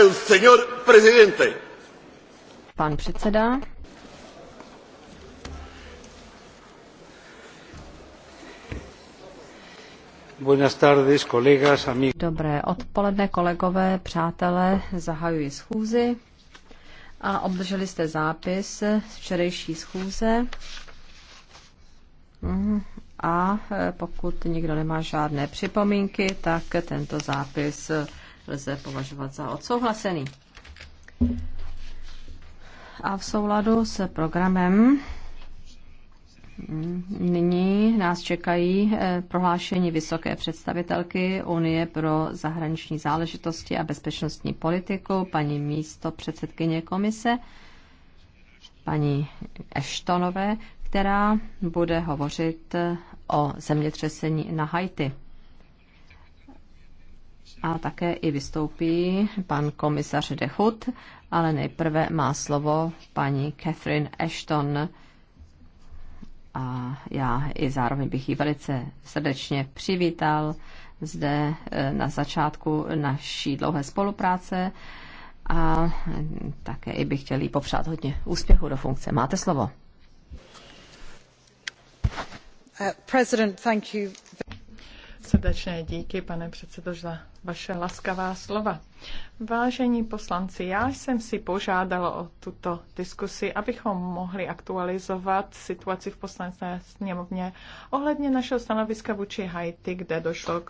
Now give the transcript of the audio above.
el señor presidente. Pan předseda. Buenas tardes, colegas, amigos. Dobré odpoledne, kolegové, přátelé, zahajuji schůzi a obdrželi jste zápis z včerejší schůze. Mm, a e, pokud nikdo nemá žádné připomínky, tak tento zápis lze považovat za odsouhlasený. A v souladu s programem Nyní nás čekají eh, prohlášení vysoké představitelky Unie pro zahraniční záležitosti a bezpečnostní politiku, paní místo předsedkyně komise, paní Eštonové, která bude hovořit eh, o zemětřesení na Haiti a také i vystoupí pan komisař Dechut, ale nejprve má slovo paní Catherine Ashton. A já i zároveň bych ji velice srdečně přivítal zde eh, na začátku naší dlouhé spolupráce a také i bych chtěl jí popřát hodně úspěchu do funkce. Máte slovo. Uh, Srdečné díky, pane předsedo, za vaše laskavá slova. Vážení poslanci, já jsem si požádala o tuto diskusi, abychom mohli aktualizovat situaci v poslanecké sněmovně ohledně našeho stanoviska vůči Haiti, kde došlo k